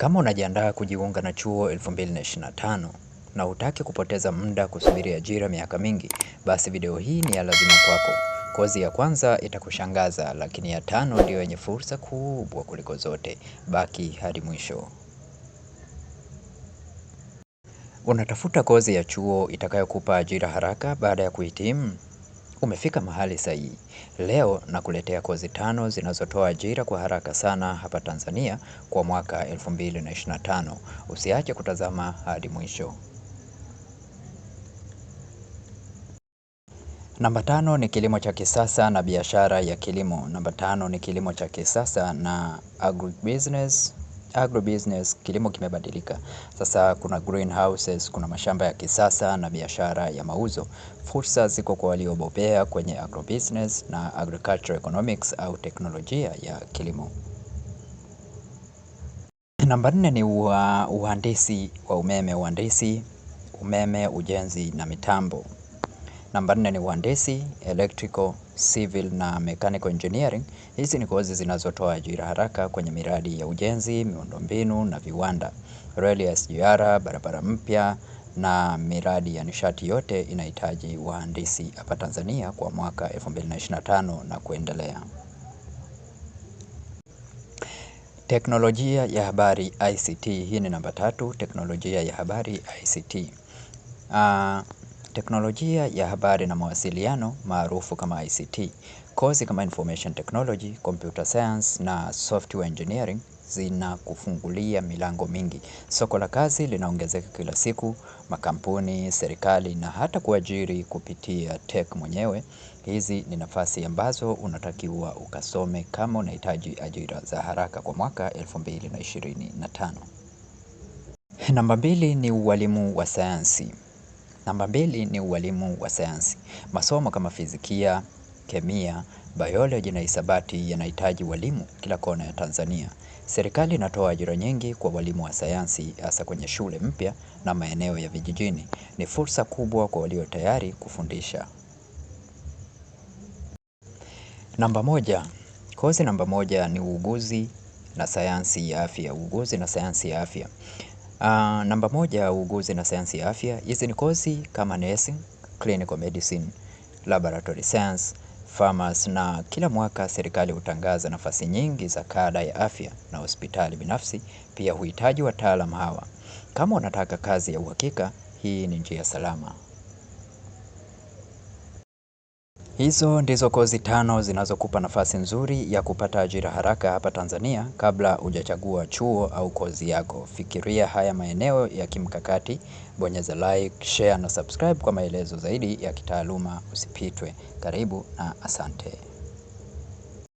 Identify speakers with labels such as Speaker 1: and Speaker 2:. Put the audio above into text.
Speaker 1: Kama unajiandaa kujiunga na chuo 2025 na hutaki kupoteza muda kusubiri ajira miaka mingi, basi video hii ni ya lazima kwako. Kozi ya kwanza itakushangaza, lakini ya tano ndiyo yenye fursa kubwa kuliko zote. Baki hadi mwisho. Unatafuta kozi ya chuo itakayokupa ajira haraka baada ya kuhitimu? Umefika mahali sahihi. Leo nakuletea kozi tano zinazotoa ajira kwa haraka sana hapa Tanzania kwa mwaka 2025. Usiache kutazama hadi mwisho. Namba tano ni kilimo cha kisasa na biashara ya kilimo. Namba tano ni kilimo cha kisasa na agribusiness Agrobusiness, kilimo kimebadilika. Sasa kuna greenhouses, kuna mashamba ya kisasa na biashara ya mauzo. Fursa ziko kwa waliobobea kwenye agrobusiness na agricultural economics au teknolojia ya kilimo.
Speaker 2: Namba nne ni uhandisi wa umeme, uhandisi umeme, ujenzi na mitambo. Namba nne ni uhandisi electrical civil na mechanical engineering. Hizi ni kozi zinazotoa ajira haraka kwenye miradi ya ujenzi, miundombinu na viwanda. Reli ya SGR, barabara mpya na miradi ya nishati yote inahitaji wahandisi hapa Tanzania kwa mwaka 2025 na kuendelea.
Speaker 3: Teknolojia ya habari ICT. Hii ni namba tatu, teknolojia ya habari ICT. Uh, ah, Teknolojia ya habari na mawasiliano maarufu kama ICT. Kozi kama Information Technology, Computer Science na Software Engineering zinakufungulia milango mingi. Soko la kazi linaongezeka kila siku, makampuni, serikali na hata kuajiri kupitia tech mwenyewe. Hizi ni nafasi ambazo unatakiwa ukasome kama unahitaji ajira za haraka kwa mwaka 2025.
Speaker 4: Namba mbili ni ualimu wa sayansi. Namba mbili ni ualimu wa sayansi. Masomo kama fizikia, kemia, bioloji na hisabati yanahitaji walimu kila kona ya Tanzania. Serikali inatoa ajira nyingi kwa walimu wa sayansi hasa kwenye shule mpya na maeneo ya vijijini. Ni fursa kubwa kwa walio tayari kufundisha.
Speaker 5: Namba moja, kozi namba moja ni uuguzi na sayansi ya afya. Uuguzi na sayansi ya afya. Uh, namba moja, uuguzi na sayansi ya afya. Hizi ni kozi kama nursing, clinical medicine, laboratory science, pharmacy na kila mwaka serikali hutangaza nafasi nyingi za kada ya afya na hospitali binafsi pia huhitaji wataalamu hawa. Kama unataka kazi ya uhakika, hii ni njia salama.
Speaker 6: Hizo ndizo kozi tano zinazokupa nafasi nzuri ya kupata ajira haraka hapa Tanzania kabla hujachagua chuo au kozi yako. Fikiria haya maeneo ya kimkakati, bonyeza like, share na subscribe kwa maelezo zaidi ya kitaaluma. Usipitwe. Karibu na asante.